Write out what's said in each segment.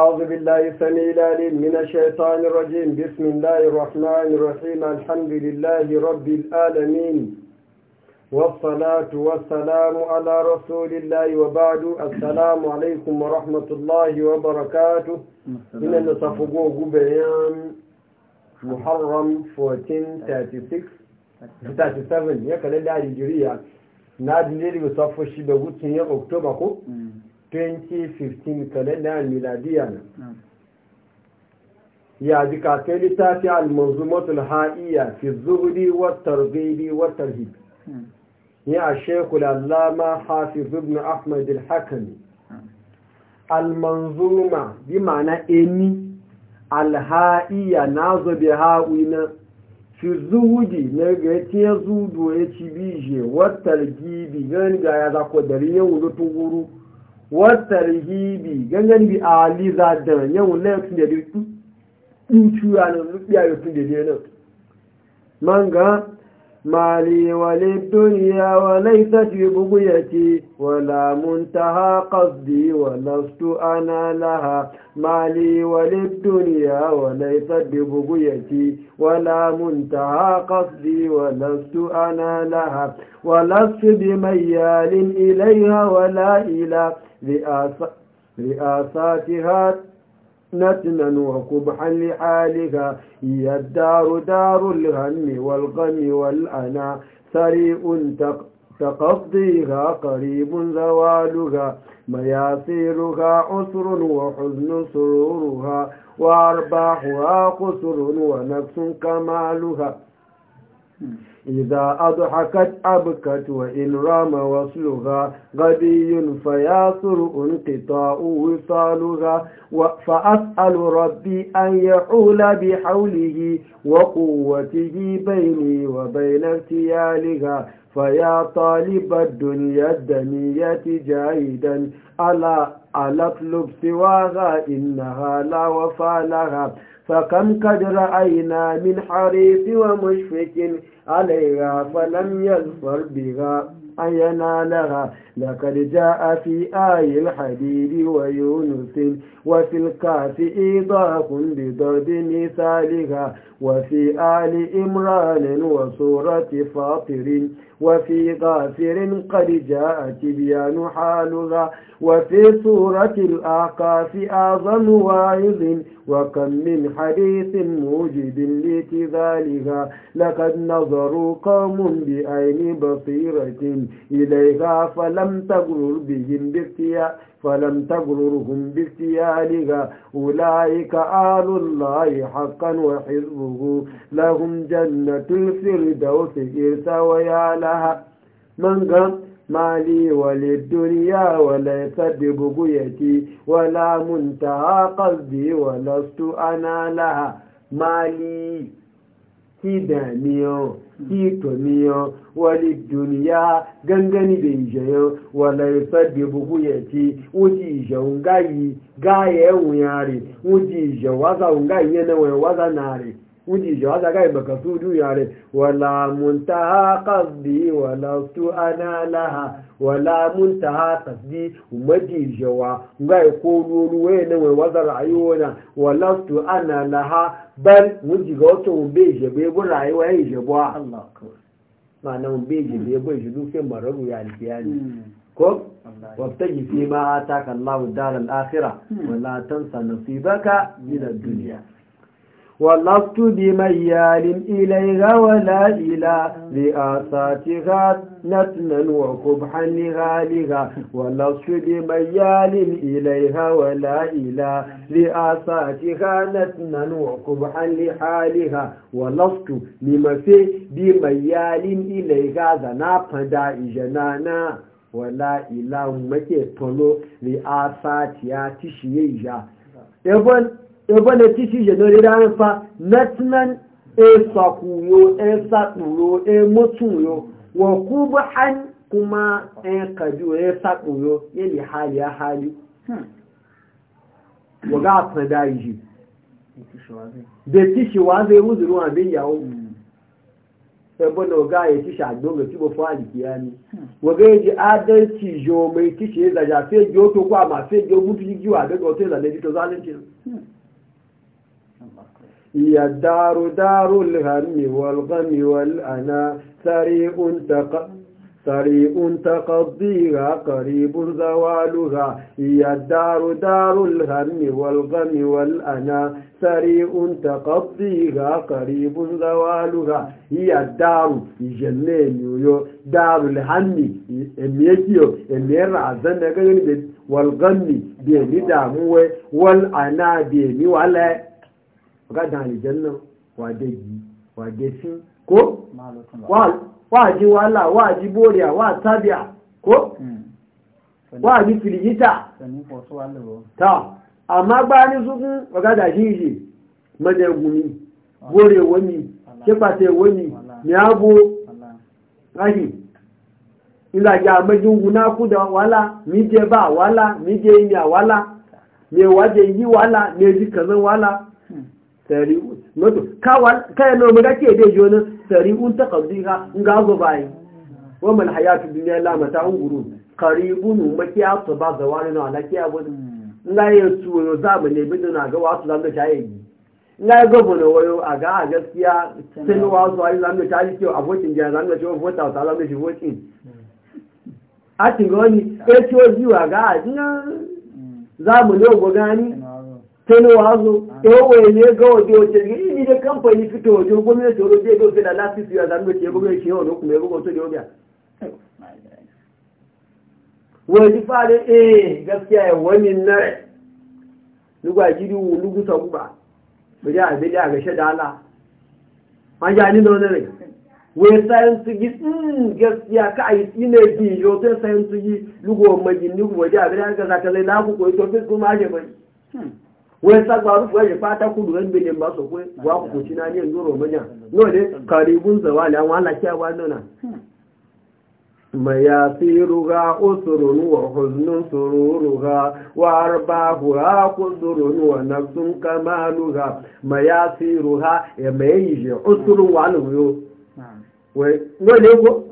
أعوذ بالله سميع العليم من الشيطان الرجيم بسم الله الرحمن الرحيم الحمد لله رب العالمين والصلاة والسلام على رسول الله وبعد السلام عليكم ورحمة الله وبركاته من النصفقو قبيان محرم 1436 37 يكال الله الهجرية نادي ليلي وصفو الشيبة قلت أكتوبر 2015 kalendar miladiya na ya ji kafin littafi al-manzumatul ha'iyya fi zuhuri wa tarbibi wa tarhib ya shekul allama hafiz ibn ahmad al-hakami al-manzuma bi ma'ana eni al-ha'iyya nazo bi ha'ina fi zuhudi na ga tiya zudu ya ci bije wa targibi gani ga ya zako dari yau da tuguru watarhibi gangan bi ali da yau na tun da duk tun ciwa na rubiya yau tun da dai nan ga مالي وللدنيا وليست ببغيتي ولا منتهى قصدي ولست أنا لها مالي وللدنيا وليست ببغيتي ولا منتهى قصدي ولست أنا لها ولست بميال إليها ولا إلى رئاساتها نتنا وكبح لحالها هي الدار دار الهم والغم والأنا سريء تقضيها قريب زوالها مياسيرها عسر وحزن سرورها وأرباحها قسر ونفس كمالها إذا أضحكت أبكت وإن رام وصلها غبي فياثر انقطاع وصالها فأسأل ربي أن يحول بحوله وقوته بيني وبين ارتيالها فيا طالب الدنيا الدنية جاهدا ألا ألا اطلب سواها إنها لا وفى لها فكم قد رأينا من حريص ومشفق عليها فلم يظفر بها أينا لها لقد جاء في آي الحديد ويونس وفي الكاف إيضاح بضرب مثالها وفي آل إمران وسورة فاطر وفي غافر قد جاء تبيان حالها وفي سورة الأعقاف أعظم واعظ وكم من حديث موجب لتذالها لقد نظروا قوم بعين بصيرة إليها فلم تغرر بهم باختيار فلم تغررهم باختيالها أولئك آل الله حقا وحزبه لهم جنة الفردوس إرتويا لها من قام مالي وللدنيا وليس ببغيتي ولا منتهى قلبي ولست أنا لها مالي kida miyo kito miyo wali duniya gangani da ijayo wala yusaddi buhu ya ci uji ija ungayi gaya yawun yare uji ija waza ungayi yana waza nare wuji jawa za ga baka su duya re wala muntaha qasdi wala tu ana laha wala muntaha qasdi umaji jawa ga ko ruru we ne we wazar ayona wala tu ana laha bal wuji ga to be je be bu rayuwa yi je bo Allah ma na be je be bo je du fe marabu ya alkiyani ko wabtaji fi ma ataka Allah daral akhirah wala tansa nasibaka min ad-dunya ولست بميال إليها ولا إلى لآساتها نتنا وقبحا لغالها ولست بميال إليها ولا إلى لآساتها نتنا وقبحا لحالها ولست في بميال إليها ذنابها دائجنانا wala ولا إلى tolo li asati ya tishiye ebon ebe na titi jenere anfa natnan e sakuyo e sakuyo e mutuyo wa kubuhan kuma e kaju e sakuyo yeli hali hmm. ya hali waga afada yi da tishi wa zai wuzuru abin yawo ebe na waga ya tishi a doga ci ba fawali kiyami waga ya ji adalci jo mai tishi ya zaja sai jo to kwa ma sai jo mutu yi giwa daga wata zane jito zalunci هي الدار دار الهم والغم والأنا سريع تقضيها قريب زوالها هي الدار دار الهم والغم والأنا سريع تقضيها قريب زوالها هي الدار جنين يو دار الهم اميكيو امير عزنا والغم بيني دامو والأنا بيني ولا ọ̀gádàn ko wa wàdéfín kó wàájí wàhálà wàájí wa wàá tábíà wa wàájí fìlìjítà tà àmágbá ní súnkún ọ̀gádà yìí mọ́dẹ̀gùn mi bóòrì èwó mi ṣépàtẹ̀ èwó mi ní ààbò ráyì ìlàjà àmẹ́júngun náà kúdọ̀ wàhálà mí jẹ bá wàhálà mí jẹ ìyà wàhálà mí ẹ̀wà jẹ yi wàhálà mí ji kànáà wàhálà sari'un mato ga ke bai jonin sari'un ta kabdiha ga zo bayi wa mal hayatu duniya lamata un guru qaribun makiya to ba zawani na ala kiya bu hmm. nga ye tuwo yo zaba ne na ga wasu zanga ta yi nga ga bu wayo a ga a gaskiya sai wasu ai zanga ta yi kiyo abokin jiya zanga ce vota ta zanga shi votin hmm. a tingoni e eh, ciwo jiwa ga a hmm. zamu ne gogani sai wazo yau wai ne ga waje waje ne ni da kamfani fito waje gwamnati wani zai gauke da lafisu ya zanu ce gwamnati shi yau kuma ya gwamnati da wajen waje fara eh gaskiya ya wani na lugu a jiri wu lugu ta guba bai ya abin ya ga shaɗa ala an ja ni na wani rai wai sayan su gi gaskiya ka a yi tsine bi yau sai sayan su gi lugu wa majin lugu waje abin ya ga zaka zai na kuka yi tofis kuma ake bai wai sagba rufu ya fa ta kudu ran bilin ba so kai wa ku ci na ne ndoro manya no ne karibun zawali an wala kiya wa nona mayasiruga na. wa huznun sururuga wa arbahuha qudurun wa nafsun kamaluha mayasiruha ya mayije usurun wa aluyo wai no ne ko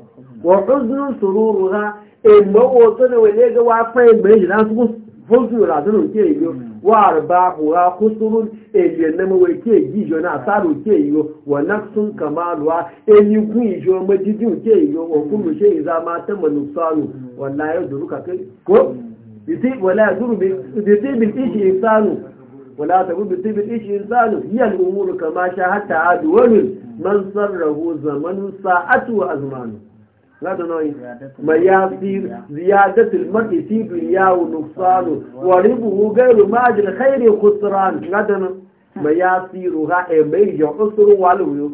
wa huznun sururuga e mo o to ne wele ga wa fa e mayije dan su huznun la dun nke wa arba hura kusurun eliyan na mawai ke gijo na asaru ke yiwo wa nafsun kamaluwa eni kun ijo majijin ke yiwo wa kullu shi yi zama ta manusaru mm. wallahi yau duruka kai ko mm. bisi wala duru bisi bil ishi insanu wala ta gudu bisi bil ishi insanu hiya al kama sha hatta adu wani mm. man sarrahu zamanu sa'atu wa azmanu zata nauyi mai ya fi ziyadatul mar'i fi dunya wa nuqsanu wa ribuhu ghayru ma ajra khayri khusran zata mai ya fi ruha e mai yo usru walu yo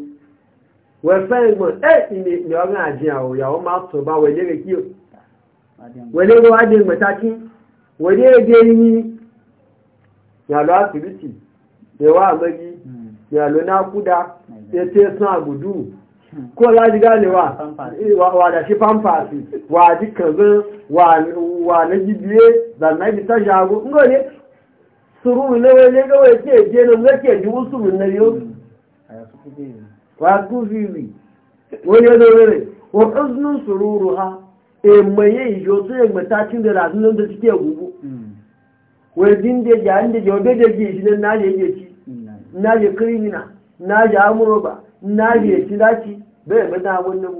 wa fa e mo e ni ni o ga jin awo ya o ma so ba we le ki o we le wa de mataki we le de ni ya lo atibiti de wa magi hmm. ya lo na kuda e te san agudu ko ji gane eh, wa da shi famfasi wa ji kazin wa na gibiye zannan bi ta shago ne suru ne wai ne ga wai ke je nan zake ji usuru na yau wa ku fiwi wani ya zo ne wa sururu ha? e maye yo to e mata cin da razun da take gugu wai din da ya inda yo da da ji shi na je ji na je krimina na je ba na je ci ci. bẹ́ẹ̀ mẹ́ta àwọn náà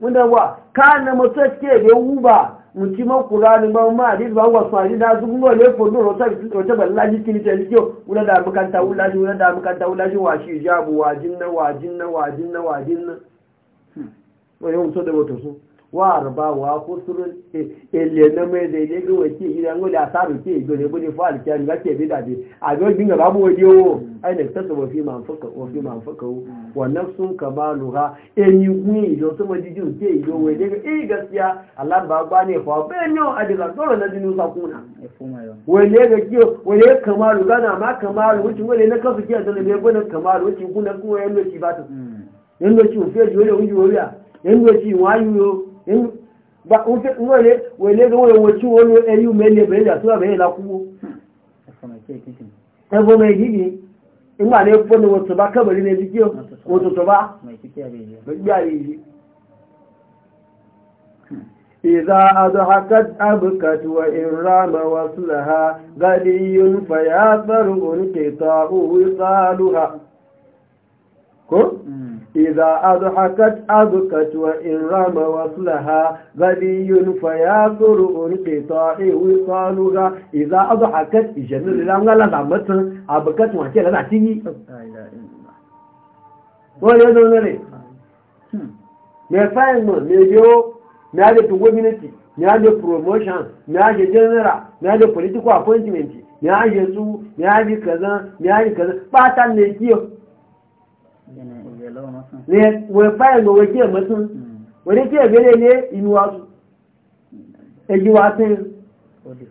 wọ́n náà wà káàna mọ́tọ́ tí èdè wúbà mùtí mọ́kùnrin ni wọ́n máa rí ìgbà wọ́n sọ àrídá zúgbọ́n wọ́n lè fò lóòrò tọ́gbà lájí kí ní tẹ̀lé tí ó wúlẹ̀ dà mọ́kàntà wúlájí wúlẹ̀ dà mọ́kàntà wúlájí wà sí ìjáàbù wà jínná wà jínná wà jínná wà jínná wọ́n yóò tó wa arba wa kusurin ele na mai daidai ga wace gidan wani a tsarin ke ido ne bude fa alkiyar ga ke bi da bi a ga dinga babu wani wo ai ne tsatsa wa fi man fuka o fi man fuka o wa nafsun kamaluha en yi ni ido su ma diju ke ido wai daga eh gaskiya Allah ba ba ne fa ben e, yo adiga dole na dinu sa kuna we ne ga ki we ne kamalu gana ma kamalu wuce wai na kafu ke da ne gona kamalu wuce kuna kuma yallo ki ba ta yallo o fiye da wani wuriya yallo shi yo ba unfe ngole wele ga wole eyi wole eyu mele be ya tuwa be la kuwo ebo me gidi ngba le fo ni woto ba kabari na bi kiyo woto ba إذا أضحكت أبكت وإن رام وصلها غلي فيا انقطاع وصالها كو؟ إذا أضحكت أبكت وإن رام وصلها غني فياثر انقطاع وصالها إذا أضحكت إجن لله لا دمت أبكت وانت لا تيجي wọ́n yóò lọ́nà rẹ̀ mẹ́fà ìmọ̀ mẹ́jọ́ mẹ́ájẹ́ tó gómìnàtì mẹ́ájẹ́ promotion mẹ́ájẹ́ general mẹ́ájẹ́ political appointment mẹ́ájẹ́ sú mẹ́ájẹ́ kazan mẹ́ájẹ́ kazan pátá lè kí ọ ní wẹ̀fà ẹ̀nà wẹ̀ tí ẹ̀mọ́ tún wẹ̀ ní tí ẹ̀gẹ́lẹ̀ ní inú ẹjú wa tí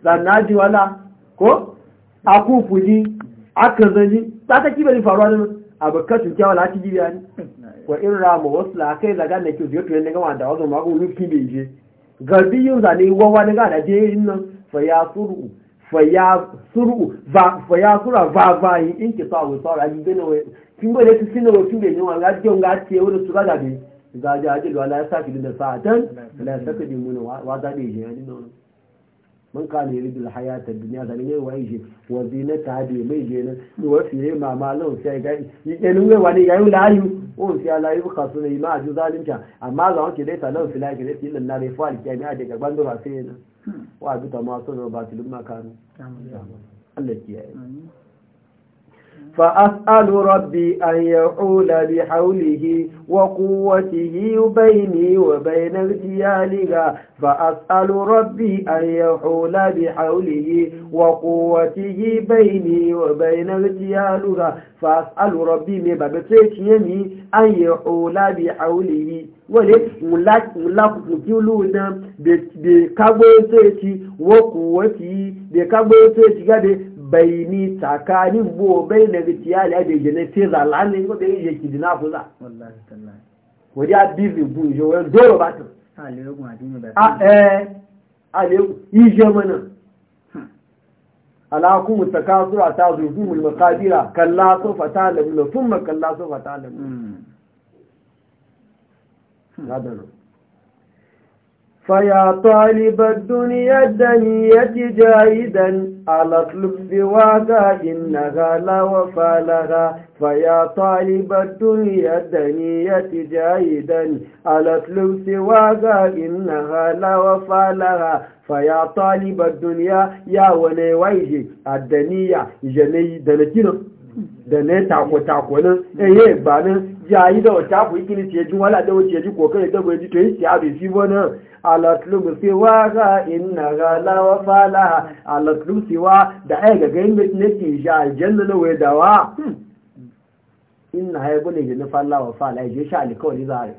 lànà ájú kó akúfù ní hmm. akẹ̀zẹ̀ ní tátẹ́ kí bẹ̀rẹ̀ faruwa nínú àbẹ̀kẹ́tù jẹ́ wọ́n láti jíríà ní wẹ̀ ìrìnra mọ̀ wọ́n sílá akẹ́ ìlàgá nẹ̀kí òdì òtù ẹni gánwà àdáwọ́ tó máa ń lè yé gàdí yóò zà ní wọ́wọ́ ní gàdá jẹ́ iná fẹ̀yà sùrù fẹ̀yà sùrù fẹ̀yà sùrù àvàvà yìí ń kìtọ́ àwòsọ́ra yìí gbé náà kingo da su sinawa su da yawa ga jiyon ga ce wani su gada ne ga ji aji da ya sa filin da sa'atan da ya saka bi muna wa da ne ya dinna wani man ka ne ridul hayata dunya da ne wai je wa zinata da mai je nan ni wa fiye ma ma lawo sai ga ni ke nun wa ne ga yau layu o sai ala yu ka su ne ma ju zalunta amma ga wanke dai talon fila ke dai nan na rai fa alkiya ne a daga bando ba sai nan wa bi ta ma so ba tilun ma kanu Allah kiyaye فأسأل ربي أن يحول بحوله وقوته بيني وبين اغتيالها فأسأل ربي أن يحول بحوله وقوته بيني وبين اغتيالها فأسأل ربي ما باب يمي أن يحول بحوله wale mulakukilu na bai kagbo ya ce ci wokuwa ci bai kagbo ya ce ci gade baini tsakanin bo bai na ritiya da bai zalani ne ko da yake kidina ko za wallahi tallahi ko da bibi bu jo ba ta ah, eh, a eh ale ije mana alakum takasura ta zuhumul kalla فيا طالب الدنيا الدنيا جاهدا على اطلب سواك إنها لا وفى لها فيا طالب الدنيا الدنيا جاهدا على اطلب سواك إنها لا وفى لها فيا طالب الدنيا يا ولي ويجي الدنيا جني دنتنا da nan eh eh ba nan jayi da wata ku ikini ce jin wala da wace ji kokarin da gwaji to yi siya bai fi bo nan alatlub siwa ga inna ga lawa fala alatlub siwa da ai ga gain bit nake ki sha aljanna na waidawa inna hay gune ji na fala wa fala ji sha alkawari zare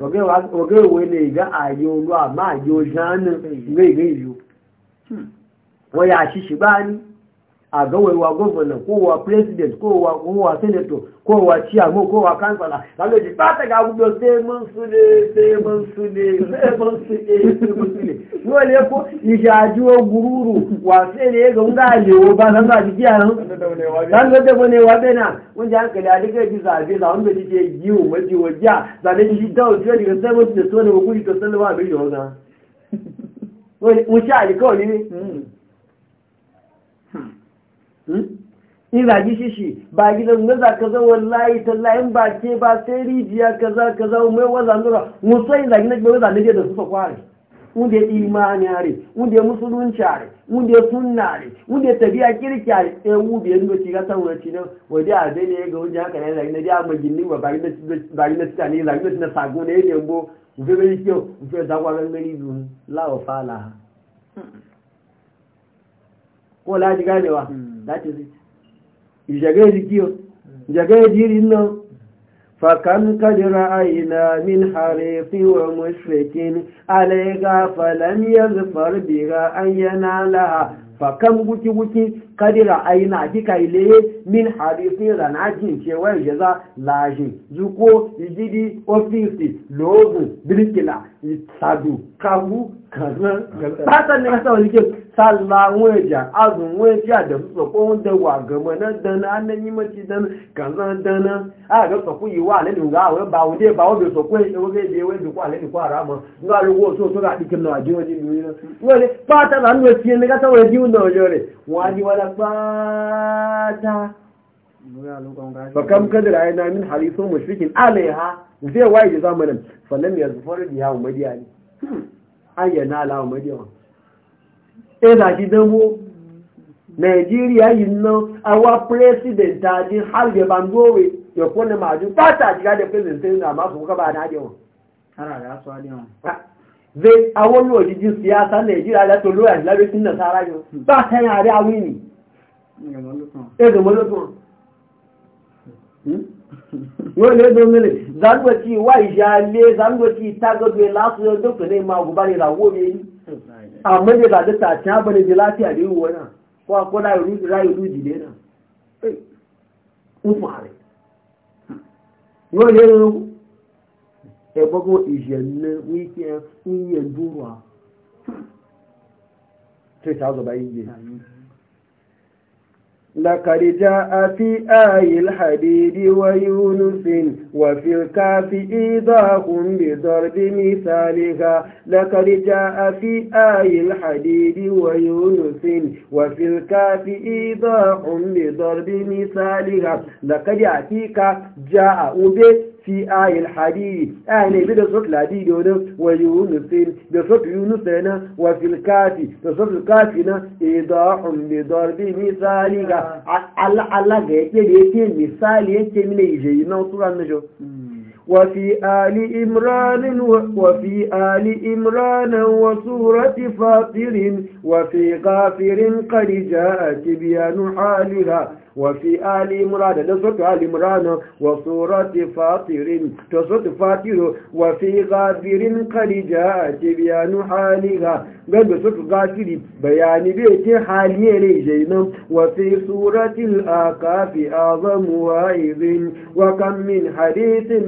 oge oge we ne ga ayo lu yi, ayo janin hmm. ngai ngai yo hmm. waya shi shi bani a gawarwa gwamna kowa president kowa kowa senator kowa chairman kowa kansala kaga ji ba ta ga gudu sai mun su ne sai mun su ne sai mun su ne sai mun su ne dole ko ijajuwa gururu wa sai ne ga nga lewo ba san ga ji kiyaran dan da bane wa bena mun ji hankali a duka ji zabe za wanda ji ke yiwu maji wajiya za ne ji dawo sai ga sai mun su ne so ne ku ji to sallama bi yo mun sha alƙawari ne hmm. in zagi shi shi ba gidan gaza kaza wallahi tallahin ba ke ba sai rijiya kaza kaza mai waza nura musa in zagi na ke waza nije da su ta kware wanda ya imani are wanda ya musulunci are wanda ya sunna are wanda ya tabiya kirki are ɗaya wube ya nuna cikin san wani cinan wadda a zai ne ya ga wani haka na zagi na a maginin ba bari na cika ne zagi na cina sago na ya dembo wufe mai kyau da zagwa gangari zuwa lawa fala hmm. ko la ji ganewa hmm. that is it njage kadira aina min harifi wa mushrikin alayka falam yaghfar biha ayyana laha fakam guki guki kadira aina hakika ile min hadithi za najin cewa jaza lajin zuko ididi ofisi logu birkila sadu kawu karan fata ne kasa wani ke salla weja azun weja da su sako wanda wa gama na dana annan yi mace dana kanzan dana a ga sako yi wa alani ga awon ba wunde ba wunde sako yi sako zai biye wani kwa alani kwa rama nga rugo so so ga dikin na wajen wajen biyu ne wani fata na nuna fiye na kasa wani jiwon na wajen wani wani bata fakam kadar ayyana min harisun mashrikin alaiha zai waye da zamanin fallam ya zufar da yawon madiya ne ayyana alawon madiya wa ɗaya da shi damo nigeria yi nan awa president ajin har da bangowe ya kone majin fata shiga da president na masu kuka ba na ajewa zai awon yau jijin siyasa nigeria da tolo ya labe sun nasara yau ba ta yare awini ɗaya zama lokacin yóò lé ló mílẹ̀ zanwẹ̀tí wà ìṣẹ́ alẹ́ zanwẹ̀tí tágọ́gbẹ̀ lásìlẹ̀ dókè ní ma gùbá ní ìràwó rẹ̀ yìí àmọ́dé làdẹ́ta àti àbẹ̀lẹ̀ jẹ láti àríwọ̀ náà kó akọ́ láìrú ìdílé náà ń fà rẹ̀ yóò lé ló ẹgbọ́gbọ́ ìṣẹ̀lẹ̀ wíkẹ́ ń yẹ dúró à 2000 báyìí لقد جاء في آي الحديد ويونس وفي الكاف إيضاح بضرب مثالها لقد جاء في آي الحديد ويونس وفي الكاف إيضاح بضرب مثالها لقد يأتيك جاء أبيت في آي الحديث آي نبي بصوت الحديث ويونس بصوت يونس هنا وفي الكافي بصوت الكافي هنا إضاح بضرب مثالك آه. على على جيتي جيتي مثال يجي من يجي نوصل نجو وفي آل إمران وفي آل إمران وصورة فاطر وفي غافر قد جاءت بيان حالها wàfí alìmúra dada sọ́tọ̀ alìmúra náà wà sọ́rọ̀ ti fàtírin tó sọ́tọ̀ fàtírò wàfí gafirin kàlìjà àti bíyànú hálìhà gbẹ́gbẹ̀ sọ́tọ̀ gafiri bayani bí i tí hálìyèrè ìṣẹ́ iná wàfí sọ́rọ̀tìl àkàfí azọ́mùwá ìzin wà kan min hadithin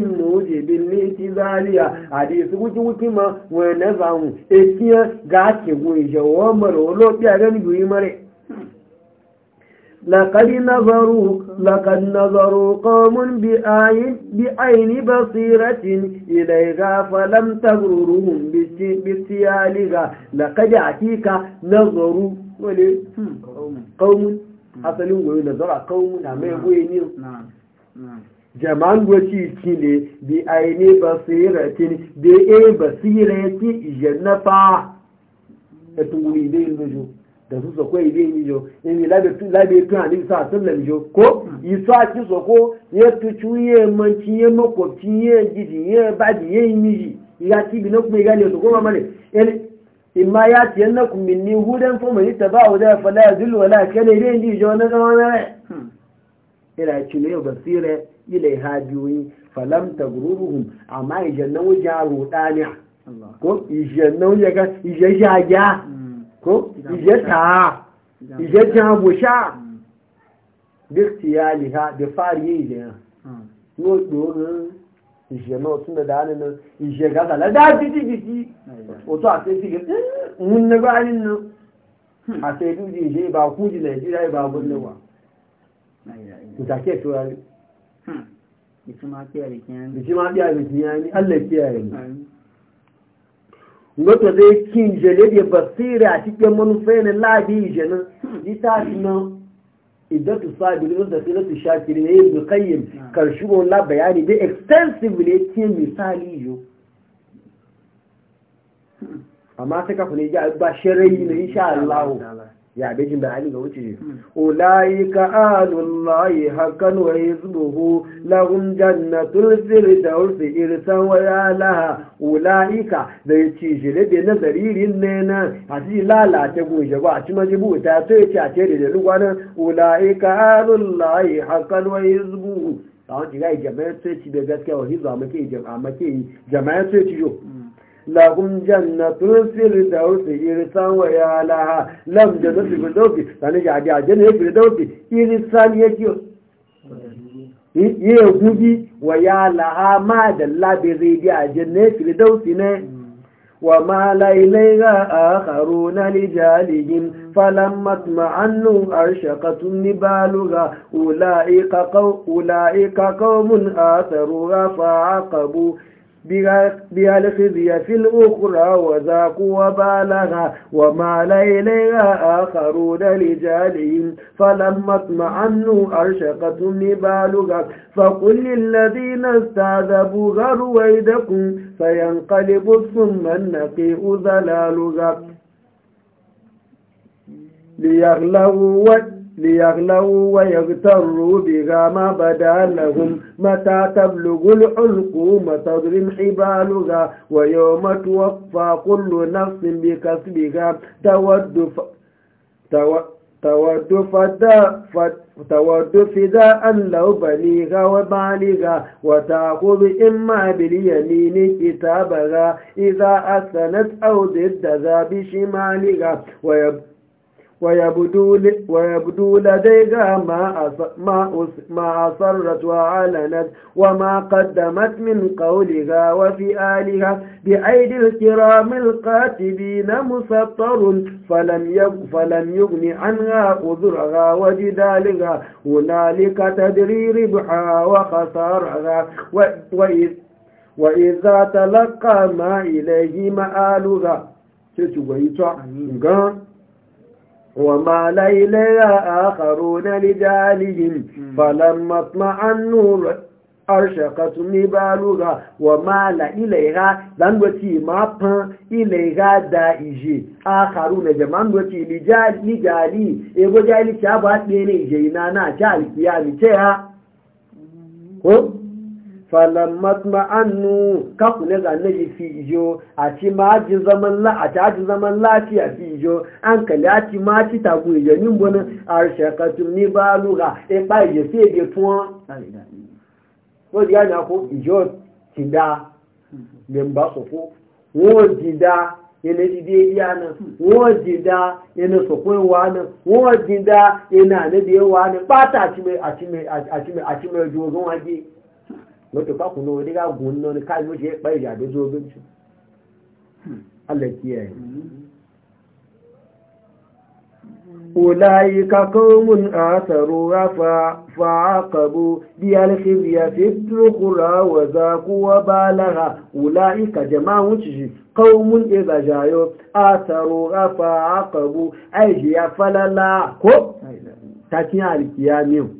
min mujibin li tizaliya wuki ma wa na zamu etiya ga ke go jawo maro lo yi mare لقد نظروا لقد نظروا قوم بعين بصيرة إليها فلم تغررهم بسيالها لقد نظروا قوم نظر قوم نعم نعم نعم jaman goci ci ne bi aini basiratin bi e basirati ijannafa da su so kwai dai nijo in ni labe tu labe tu ani sa sallam jo ko yi so aki so ko ye tu chuye man ki, ye mako ci ye gidi ye badi ye miji ya ti bi na kuma ga to ko ma ne en imma ya ti yanna kun minni hudan fa man tabau da fala yadullu wala kana dai nijo na zama na ila ci ne basire ilaiha hajiyoyi falam ta gururuhun amma ijannan wuja dania ko ijannan wuja ga ije jaja ko ije ta ije jabusha duk tiyaliha da fari yi da yau dorin ije na tun da dani na ije ga na da titi titi otu a sai tiki mun na gbanin nan a sai duk ije ba kuji nigeria ba gudunawa ke turari da shi ma biya Allah kiyaye ni zai kin jele da basira a cikin manufai na labi jana litafi na idatu sabirin da filatu shakiri ne yin kayyim karshe gon la bayani dai extensively misali yo amma sai ka ba insha ya beji na ali ga wuce hmm. ulaika ahlullahi hakan wa hizbuhu lahum jannatul firdaus irsan wa yalaha ulaika da yace jire da nazaririn ne na hasi lalata goje ba a ci majibu ta so ci a ce da lugwana ulaika ahlullahi hakan wa hizbuhu sawon jiga jama'a sai ci da gaskiya wa zuwa muke jama'a muke jama'a ci yo hmm. Janna jannatun da dawsi irsan wa ya laha lam jannatu fil dawsi sani ya ga da fil dawsi irsan yake ye wa ya laha ma da labi zai a jannatu fil dawsi ne wa ma lailaiha akharuna lijalihim a أولئك قوم آثرها فعقبوا بها لخزي في الأخرى وذاقوا وبالها ومال إليها آخرون لجالهم فلما اطمعنوا أرشقتهم نبالها فقل للذين استعذبوا غروا ويدكم فينقلب ثم النقيء ذلالها ليغلوا ليغلوا ويغتروا بها ما بدا لهم متى تبلغ الحلقوم تضرم حبالها ويوم توفى كل نفس بكسبها تود ف... تود تود فدا تود فداء لو بنيها وبالغا وتأخذ إما باليمين كتابها إذا أسنت أو ضد ذا بشمالها ويبقى ويبدو لديها ما ما أصرت وأعلنت وما قدمت من قولها آلها بأيدي الكرام القاتبين مسطر فلم فلم يغن عنها أذرها وجدالها هنالك تدري ربحها وخسارها وإذ وإذا تلقى ما إليه مآلها وما ليلها آخرون لجالهم فلما اطمع النور أرشقت نبالها وما لإليها لنوتي مابا إليها دائجي آخرون جمع نوتي لجال لجالي إيبو جالي شابات ميني جينانا جالي كيامي تيها falamatma annu kaku ne zane yi fi iyo a ci maji zaman la a ci aji zaman lafiya fi iyo an kali a ci ma ci tagu iyo nin bonin a shakatu ni ba luga e pa iyo fi ebe fun ko di yana ko iyo ti da le mba so ko won di da yana di de ya na won di da yana so ko e wa na won di da yana ne de e wa na pata ci me a ci me a ci me a ci me jogun wa di lọ́tọ̀ pákùn náà oníga gùn náà ní káàkiri ṣe pẹ́ ìyà tó ogun ṣe alẹ́kí ẹ̀ ọláyí kakọ́mùn àtàrò ráfà fàákàbò bí alẹ́kìrìyà fi túnkùrà wàzà wá bá lára ọláyí kàjẹmá wùcìṣì kọ́mùn ìzàjàyọ àtàrò ráfà àkàbò àìjìyà kó tàkí àríkìyà mìíràn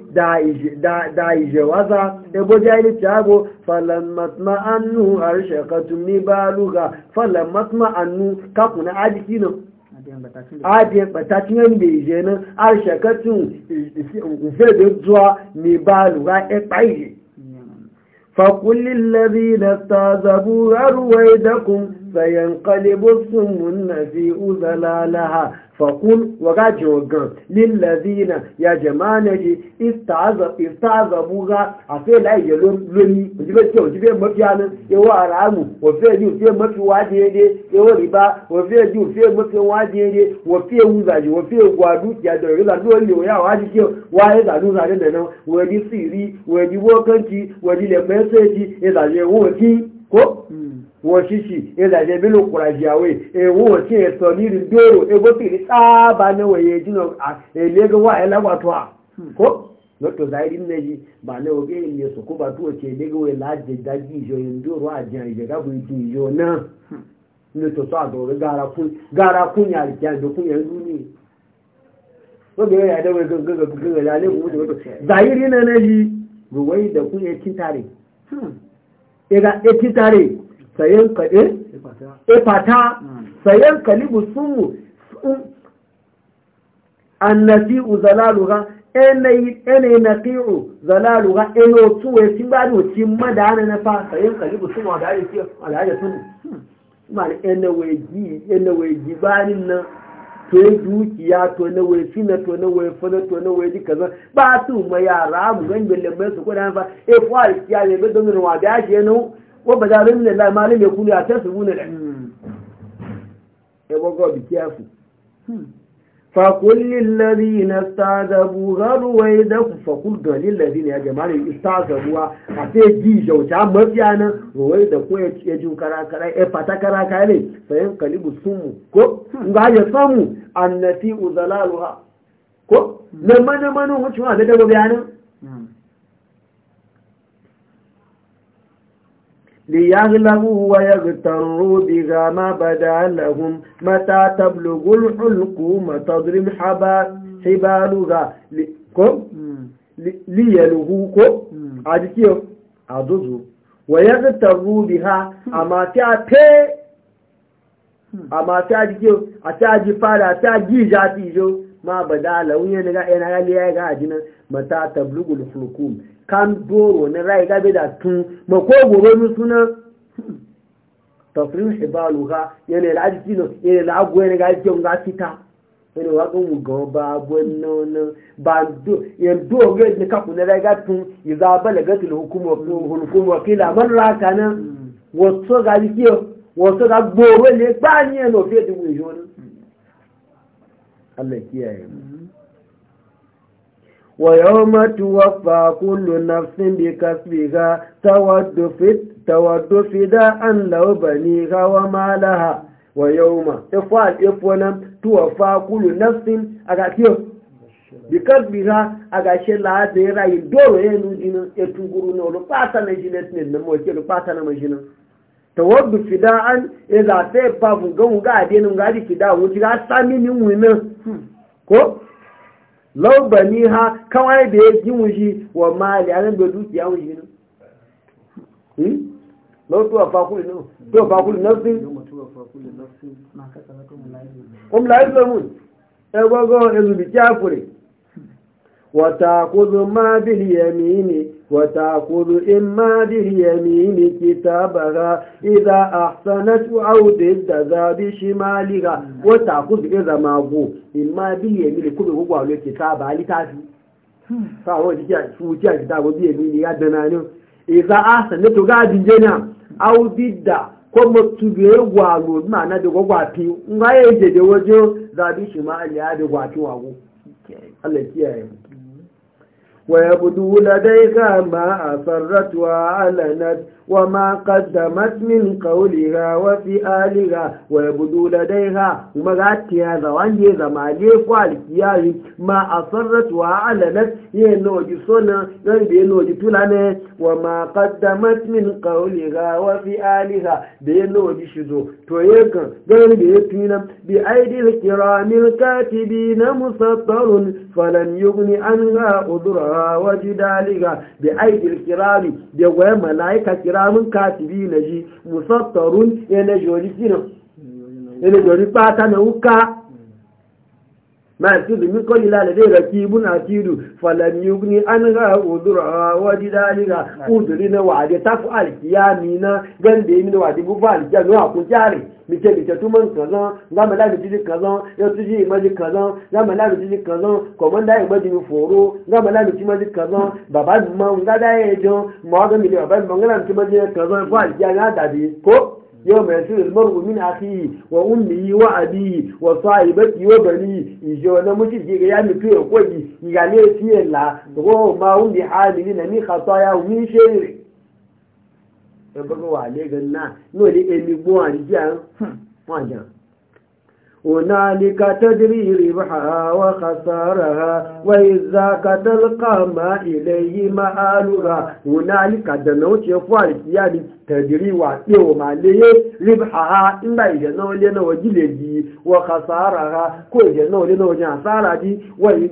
da ije waza ebo jahili tiago falon matma annu a rashe katumi baluga falon matma annu kakuna ajiki nan adiyan batacin yan da ije nan a rashe katun ufe da zuwa mai baluga e ƙaije fakulin lari na ta zabu ruwai da فينقلب السمن في أذلالها فقل وغاجه غان للذين يا جمانه استعذب استعذبوها أفي لا يلون لوني وجبه تي وجبه مفيانا يوا رامو وفي دي وفي مفي وادي دي يوا ربا وفي دي وفي مفي وادي دي وفي وزاجي وفي غوادو يا دريلا لوني ويا وادي تي واي زادو زادو نن ودي سيري ودي وكنتي ودي لمسجي اذا جه وكي كو wọ́n ṣíṣì ìlàjẹ́ mílò kùràjíàwé èwò tí ẹ̀sọ̀ nílì dóró egópìrì sáàbà náwọ̀ èyí jùlọ ẹ̀lẹ́gọ́wà ẹlẹ́gbàtọ́ kó lọ́tọ̀ záìrí nẹ́yí bà náà ogé ilẹ̀ sọ̀kó tó ọ̀tí ẹlẹ́gọ́wà lájẹ̀dájí ìjọ ìdóró àjẹ́ ìjẹ̀gábò sayan ka eh ifata eh, hmm. sayan kalibu sumu annasi'u zalaluha enayi naqi'u ene eno tuwe tin ba ni do tin ana na fa sayan kalibu sumu da su Ma ni hmm. ene yake ji, ene mal ji ba ni na to yi dukiya to ne na fi na to ne na wai na to ne wai ji kaza ba su ma yara mu gan belle mai su kudan fa e a fa alkiya ne bai don wa da shi no wọ́n bẹ̀rẹ̀ àrẹ nílẹ̀ láì máa lélẹ̀ kú ní àtẹ́sùnwó nílẹ̀ ẹwọ́ gọ́ọ̀bì kí á fò fàkúlì lẹ́rí iná sáàzàbù rárúwẹ́ ìdẹ́kù fàkúlgàn nílẹ̀rí ni àjẹmárì sáàzàbúwa àti èjì ìṣọ̀ọ̀tà mọ́fíàná rọ̀wẹ́ ìdẹ̀kù ẹjú pàtàkàràkà rẹ̀ ليغلبوا ويغتروا بها ما بدا لهم متى تبلغ الحلقوم تضرب حبالها ليلهوكو عجيكيو عدوزو ويغتروا بها أما تعطي أما تعجيكيو أتعجي فارا أتعجي جاتيجو ما بدا لهم ينغا ينغا ليغا جنا متى تبلغ الحلقوم kan doro na rai gabe da tun ma ko goro mu suna hmm. tafrin hibalu ha yana da ajiki no yana da agwe ne ga ajiki ga fita yana wa gun go ba gwanno no ba do yan kana wato ga ajiki wato ga goro ne ba ni no fi du Wai yauma tuwa faɗa kullum naftin bikas riga, tawaddo fida an lau ba ni kawai ma laha. Wai yauma taffa al'imfanen tuwa faɗa kullum naftin bikas riga a gace lalata ya rayu dole ne ya na yi ne ne-sinin wani wani ce na yi shi ne-shinin. Tawaddo fidda an ira sai fa mu ga wu, ga adinu mu, ga aji fitar mu, wuce ka laubani ha kawai da ya ji wuji wa mali anan da dukiya wuji ne hmm? lautuwa fakuli nan fakuli kuma وتأخذ ما باليمين وتأخذ إما باليمين كتابها إذا أحسنت أو ضد ذا بشمالها وتأخذ إذا ما هو إما باليمين كل هو على كتابها لتعفي فهو فوتي كتابه باليمين يدنا إذا أحسنت قاعد جنا أو ضد ko mo tu bi e wa mutubi ya gwaro ma'ana da gwagwafi in ga ya je da waje zabi shi ma'ali ya da gwafi wago Allah kiyaye mu ويبدو لديك ما أسرت وأعلنت وما قدمت من قولها وفعالها ويبدو لديها ومغاتها زوانجي زمالي فالكياري ما أصرت وأعلنت ينوجي صنع غير ينوجي تلاني وما قدمت من قولها وفعالها بينوجي شزو تويكا غير يتينا بأيدي الكرام الكاتبين مسطر فلن يغني عنها أذرها وجدالها بأيدي الكرام بيوه ملايكة كرام kiramin katibi na ji musattarun yana jori kina yana jori pata na wuka ما يكتب من قول لا لدي ركيب عتيد de يغني عنها وذرها وجدالها أذرنا وعدي تفعل كيامينا جنبي من وعدي بفعل كيامي وعقل جاري mace mace tuman kazan za mu lafi jiji kazan ya tuji imaji kazan za mu lafi jiji kazan komanda imaji mi foro za mu lafi jimaji kazan baba ma nga da ya jan ma ga mi ne baba ma nga lafi jimaji kazan fa ya da dabi ko yau mai shirin maru min akihi wa ummihi wa abihi wa sahibati wa bani ijo na mutu ke ga yami fiye kwaji igale fiye la ko ma wundi hamili na ni khataya mi shiri e bago هنالك تجري ربحها وخسارها وإذاك تلقى ما إليه مآلها هنالك دنوت يفعل يعني تجري وعطيه ما ليه ربحها إما إذا نولينا وجلدي وخسارها كل إذا نولينا وجنسارها وإذاك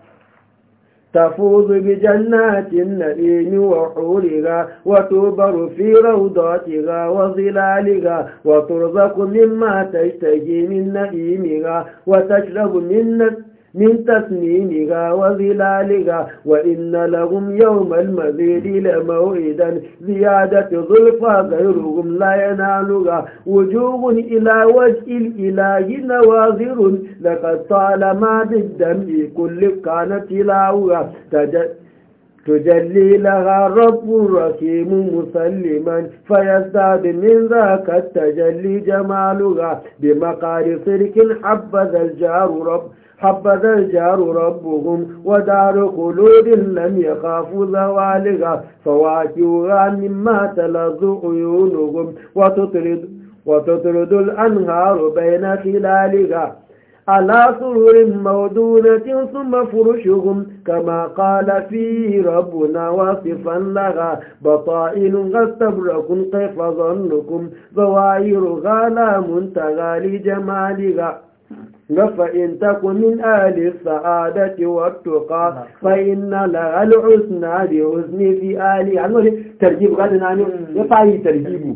تفوز بجنات النعيم وحورها وتوبر في روضاتها وظلالها وترزق مما تشتهي من نعيمها وتشرب من من تسنينها وظلالها وإن لهم يوم المزيد لموعدا زيادة ظلفى غيرهم لا ينالها وجوه إلى وجه الإله نواظر لقد طالما بالدم كل كانت لاوها تجلي لها رب رحيم مسلما فيزداد من ذاك التجلي جمالها بمقار صرك حبذا الجار رب حبذا الجار ربهم ودار قلود لم يخافوا زوالها فواكوها مما تلظ عيونهم وتطرد وتطرد الأنهار بين خلالها على سرور مودونة ثم فرشهم كما قال فيه ربنا واصفا لها بطائن غستبرق قف ظنكم ظواهرها لا منتغى لجمالها فإن تكن من أهل السعادة والتقى نعم. فإن لها الحسنى بحسن في أهلها ترجيب غدنا نعم يفعي ترجيبه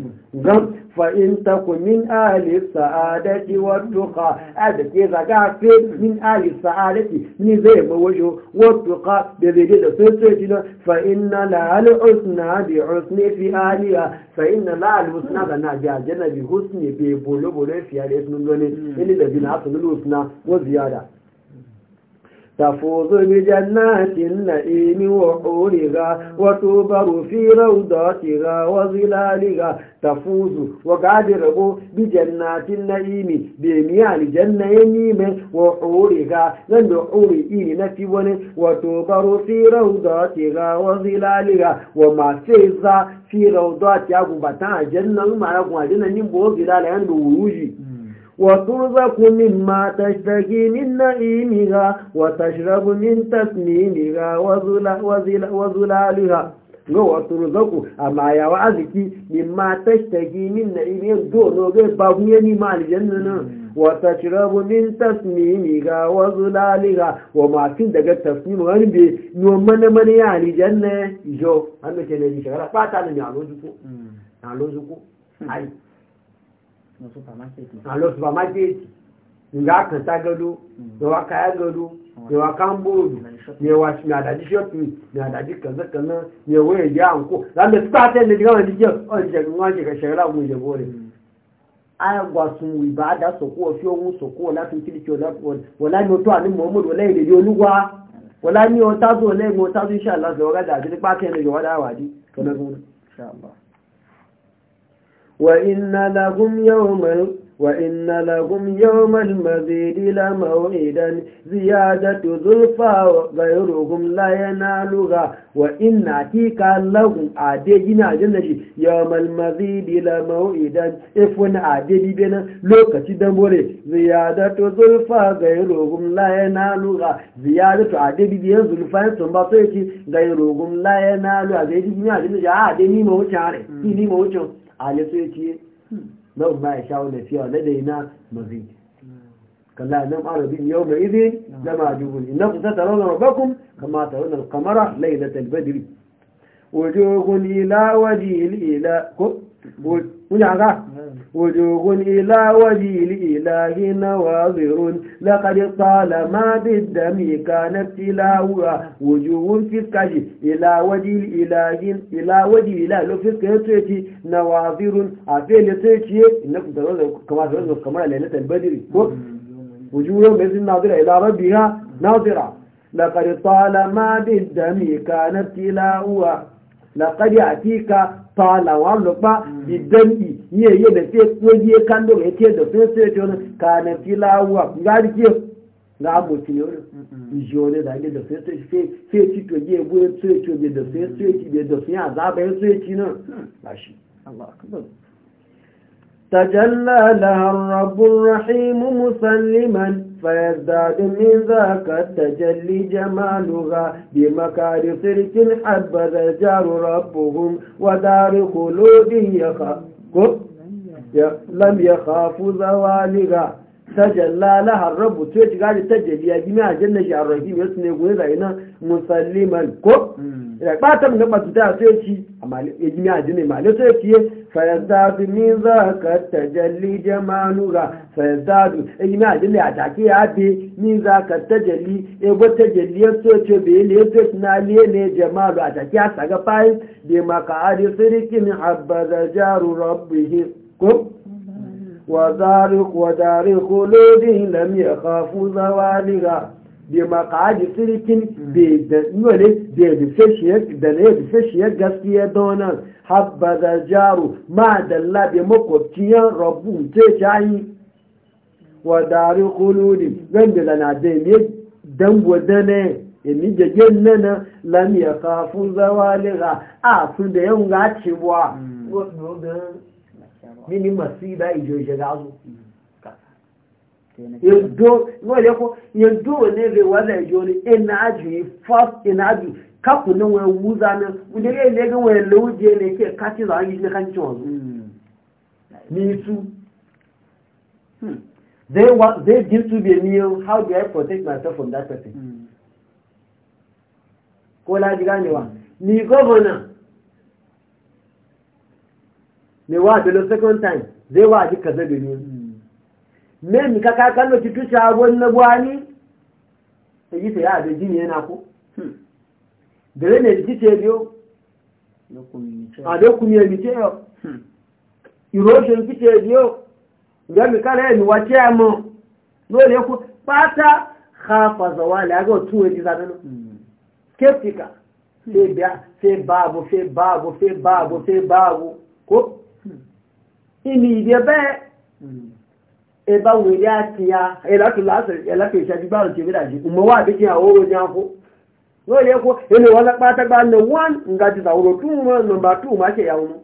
fa'in taku min ahli sa'adati wa tuqa da ke zaga fe min ahli sa'adati ni zai ba wajo wa tuqa da zai da sai sai jina fa'in na la'al usna bi usni fi aliya fa'in na la'al da na ja jana husni bi bolo bolo fi aliya sun gani ilil da bin hasanul usna wa ziyada تفوز بجنات النئيم وحورها وتوبر في روضاتها وظلالها تفوز وقادر بجنات النئيم بميال جنة يميمة وحورها لن إيه نتبون وتوبر في روضاتها وظلالها وما سيزا في روضاتها قبطان جنة وما يقوم جنة نبو ظلالها ووجي وترزق مما تشتكي من نعيمها وتشرب من تسنيمها وظلالها وترزق أما يا وعزكي مما تشتكي من نعيمها دون وغير بابيني مع الجنة وتشرب من تسنيمها وظلالها وما فين دقى التسنيم غنبي نومنا من يعني جنة جو هل هنو كنالي شغرة يعلو يعلوزكو يعلو هاي a lọ supamaketi nga kanta gado yawa kaya gado yawa kambodu yawa shi na daji shopping na daji kaza-kaza yawa ya ji anko zanda su ta da jiga wani jiya ọjọgin wani ka shagara mu ya gore ayagwa sun wi ba da soko fi ohun soko láti kirki wala ni oto ani muhammadu wala ilẹ̀ olúwa wala ni ọtazo lẹ́gbọ̀n ọtazo iṣẹ́ aláàzọ̀ ọgá dàbí nípa kẹ́ẹ̀lẹ̀ yọ̀wádà wàdí kọ́nà gúnrún وإن لهم يوم وإن لهم يوم المزيد لموعدا زيادة ظلفا غيرهم لا ينالها وإن أتيك لهم أدينا جنة يوم المزيد لموعدا إفن أدي بنا لو كتدموري زيادة ظلفا غيرهم لا ينالها زيادة أدي بنا ظلفا ثم غيرهم لا ينالها أدي بنا جنة أدي ميمو شعري ميمو ale to yace na ma ya shawo da fiya da daina mazid kalla nan arabin yau mai idin da majubun inna ku tatarona rabbakum kama tarawna al-qamara laylatal badri wujuhun ila wajhil ila ونعقا وجوه إلى وجه الإله نواظر لقد طالما بالدم كانت تلاوة وجوه في الكج إلى وجه الإله إلى وجه الإله لو في الكهتوتي نواظر أفيل تيتي كما تقول كما ليلة البدر وجوه بإذن ناظرة إلى ربها ناظرة لقد طالما بالدم كانت تلاوة laƙar ya fi ka talawa idan iya yi da sai kwaje kan da ya ce da sai sai ta wani ga rike na da ne da sai sai sai ci to je bu ya sai to da sai sai ci da da sai azaba ya sai ci nan tajalla فيزداد من ذاك التجلي جمالها بمكار سرك حبذا الجار ربهم ودار خلود يخاف لم يخاف زوالها tajalla lahar rabu to ya shiga da tajalli ya gimi a janna shi a rahim yasu ne goyi zai na musalliman ko ya bata mun gaba ta sai ci amma ya gimi a janna ma sai ci fa yazdadu min zaka tajalli jamaluga fa yazdadu ya gimi a janna ya take ya be min zaka tajalli e go tajalli ya so ce be ne ce na le ne jamalu a take ya saga fayin be maka adi sirikin habba jaru rabbihi ko وذارق ودار خلودهم لم يخافوا زوالها بمقعد سلك بيدنولي بيدفشيك دنيا بفشيك قسكية دونا حبذا جارو ما دلا بمقبتيا ربو تشعي ودار خلودهم غنب لنا دينيك دنبو دنيا èmi jẹjẹ nẹ́nà lámì ẹ̀ka fún zawaliga ààfin bẹ̀yẹ̀ ń a ti da gbọ́dọ̀ mini masiba ijo ishagazo yando ngole ko yando ne be wala ijo ni enaju first enaju kapu ne we wuza ne ule ile ga we loje ne ke kati za ngi ne kan chon ni su they want they give to be meal how do i protect myself from that person ko la diga ni wa ni governor ne wa da second time zai wa ji kaza da ne me mi ka ka kallo ki tuci abun na gwani sai yi a da jini yana ko hmm. da ne ki ce biyo a da ku ne mi ce yo hmm. erosion ki ce biyo ya mi kala ni wa ce mo dole ku pata khafa zawala ga tuwe ji zanan skeptical hmm. sai ba sai babu sai babu sai babu sai babu ko ini ibi ebe eba wele ati ya elatu isaju gbara ti widaji umowa abiki a oro ni afo no le ko ele wala pata gba no one ngaji da oro two mo number two ma se ya unu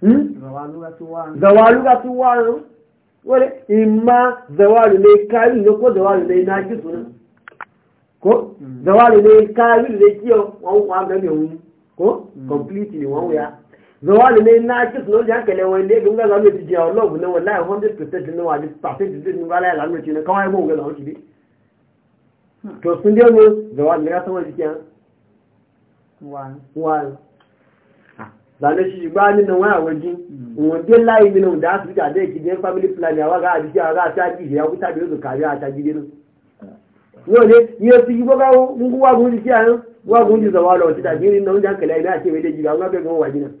hmm? zawalu ga tu waru wole imma zawalu le kai no ko zawalu le na ji tun ko zawalu le kai le ti o won wa be mi ko complete ni won we ya zawali ne na kis no jan kale wai le gunga za mu tijiya wallahu ne wallahi 100% ne waji perfect din ga la la mu ci ne kawai go ga lawo ci to sun je mu ne ka san wani kiyan wan wan ah. hmm. la shi ba ni na waya waji mu de lai mi no da su ta de ki de family plan ya wa ga abi ya ga ta ji ka a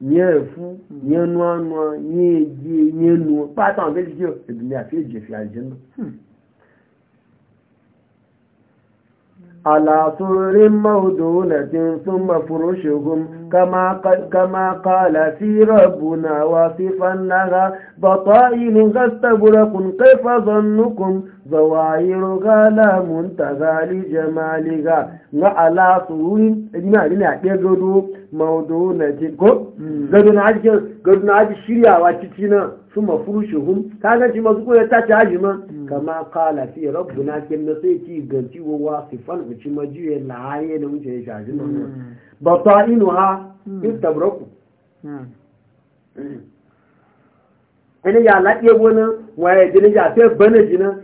ní ẹ̀fú ní ẹnu ànà ní èjì ní ẹnu pátán àwọn méjì yóò èdè ní àfi èjì fi àjẹ́ náà àlàtúrí mọ́ọ̀dọ̀ lẹ́tí fún mọ̀fúrú ṣogun kamakala fi rọ̀bù náà wà fífà ńlára bọ̀tọ̀ yìí ní gásítàbùrẹ́kùn kẹfà zawayir gala jamali ga na ala sururin ina ina a ɗaya gado maudu na ji ko gado na haji gado na haji shiryawa cici na su mafurushe hun ta ga masu koyar ta ci haji ma kama kala fiye rabu na kin na sai ci ganci wa wasifan uci majiyar lahaye da wuce ya shaji na ba ta inu ha istabraku ina ya laɗe wani waye jini ya sai bane jinin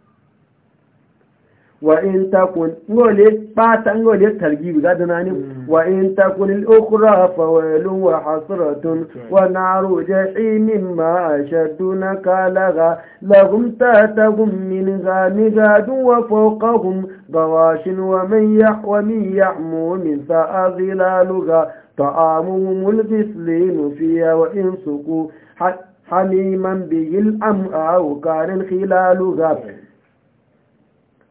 wa in kun ngole bata ngole targibi ga dunani mm. wa in takun al-ukhra fawailun wa hasratun wa naru jahimin ma ashaduna kalaga lahum tatagum min ghamidun wa fawqahum dawashin wa man yahwa min yahmu min sa'adhilaluga ta'amuhum al-ghislin fiha wa in suqu حميما به الأمعى وكان خلالها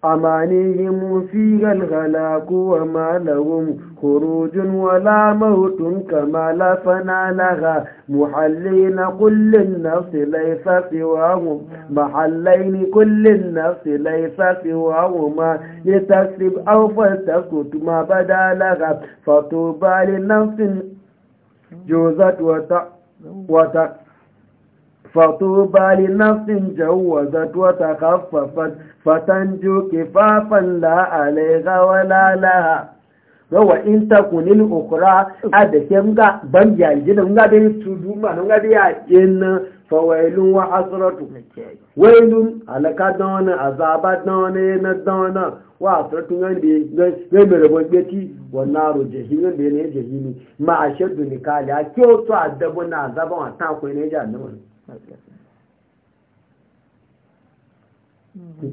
أمانيهم فيها الغلاك وما لهم خروج ولا موت كما لا فنى لها محلين كل النفس ليس سواهم محلين كل النفس ليس سواهما لتكسب أو فلتسكت ما بدا لها فطوبى للنفس جوزت وتق وتق فطوبى لنفس جوزت وتخففت فتنجو كفافا لا عليها ولا لها rawa in ta kunil ukura a da ke nga ban yaji da nga bai tudu ma nga bai yakin fawailun wa asratu wailun alaka dona azaba dona na dona wa asratu nga bi ngan bi rabo beti wa naru jahim bi ne jahimi ma ashadu nikali a kyoto na azaba wa ta ko ne jahannama Gracias.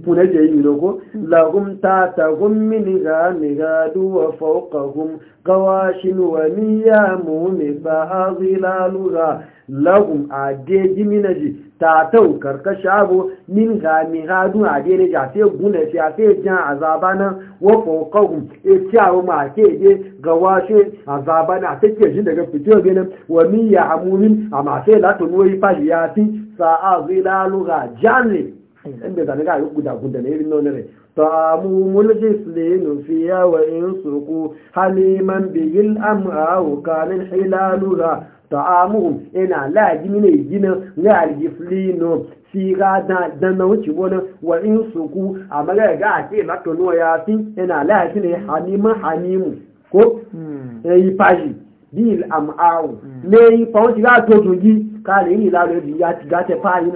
kuna mm-hmm. ke yi ko mm-hmm. lahum tatahum min ghamigadu wa fawqahum gawashin wa miyamu misaha zilaluha lahum adeji minaji tatau karkasha abu min ghamigadu adeji a sai gune fi a sai jan azabana wa fawqahum e ciyawa ma ke je a azabana take jin daga fitiyo benin wa miyamu a amma sai latunoyi fashi ya fi sa a zai lalura janib inda zane ga yi guda guda na irin nonare ta'amu mulki silinu fiya wa in suku haliman bigil am'awu kanin hilalura ta'amu ina laji mine gina ga algiflino fi ga dan na wuce wani wa in suku a magana ga a ce matonuwa ya fi ina laji ne ti ga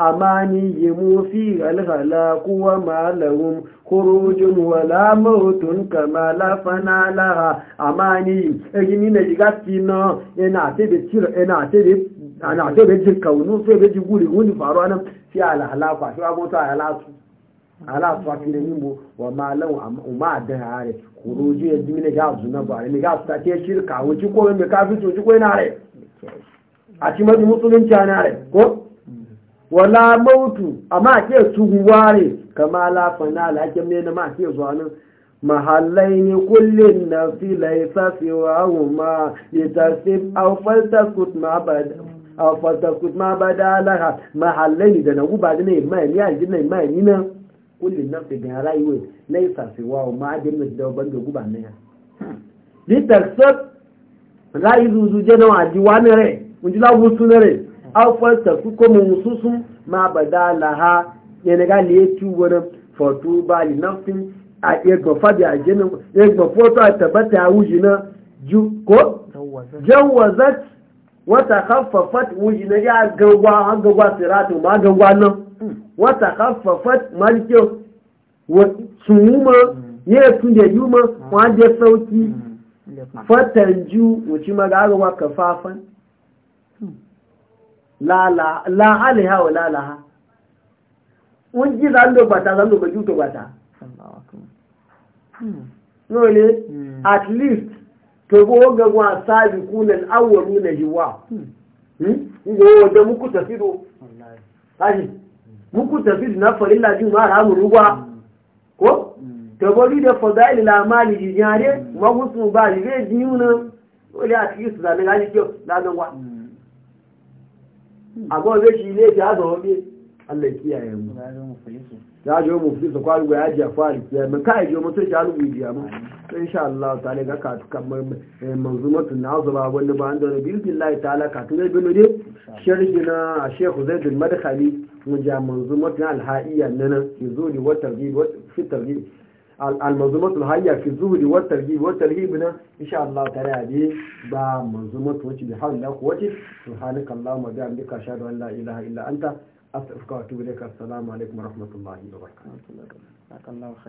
amani yimu fi alhalaku wa malahum khurujun wala mautun kama la fana laha amani egini ne igati no ina tebe tiro ina tebe ana tebe jikka unu tebe jiguri unu faro ana fi alhalaku fi agota alhalaku alhalaku fi ne mu wa malahu umma da hare khuruju yadimi ne ga zuna ba ne ga ta ke shirka wuci ko me kafi to a musulunci ko wala mautu amma ke tsuguware kama la fana la ke ne na ma ke zuwa nan mahallaini kullin nafsi laysa siwahuma litasib aw faltakut ma bada aw faltakut ma badalaha mahallaini da nagu ba ne mai ni aji ne mai ni na kullin nafsi da rayuwa laysa siwahuma ajin ne da ban da guba ne litasib rayu zuzu jana wa ji wani re mun ji lagu sunare akwai su kuma mususun ma ba da laha ya na gali ya ci wani fatu ba li nafsin a yagba da a jinin yagba ta a tabbata ya wuji na ko jawazat wata kaffafat wuji na ya gangwa an gangwa siratu ma gangwa nan hmm. wata kaffafat malike sunuma hmm. ya sun da yuma wajen hmm. sauki fatan ju wuci magagawa kafafan láàlẹ́hà ò láàlẹ́hà wọ́n jí sáàlò gbàtà sáàlò gbẹ̀jú tó gbàtà no ne at least to go gagun asabi kunan awwalu na jiwa hmm. Hmm? ngo da muku tafiro tashi muku tafiro na farilla ji ma ramu ruwa hmm. ko to bari da fadail la mali ji yare ba ji ve diuna wala at agon zai shi ne ta zama me Allah ya kiyaye mu ya jo mu fi su kwalu ya ji afari ya mun kai jo mun sai ya lugu biya mu insha Allah ta'ala ga ka kamar manzumatu nazaba wanda ba anda bi billahi ta'ala ka tuna bin ne sharhina a Sheikh Zaid al-Madkhali mu ja manzumatu al-Ha'iyya nan yazo ni wata bi wata fi alalmazumatul manzumatul hayya fi zuhri wa targhib wa tarhib na insha Allah tare ne ba manzumatu wace bi hawla quwwati subhanaka allahumma wa bihamdika ashhadu an la ilaha illa anta astaghfiruka wa atubu ilaik assalamu alaikum wa rahmatullahi wa barakatuh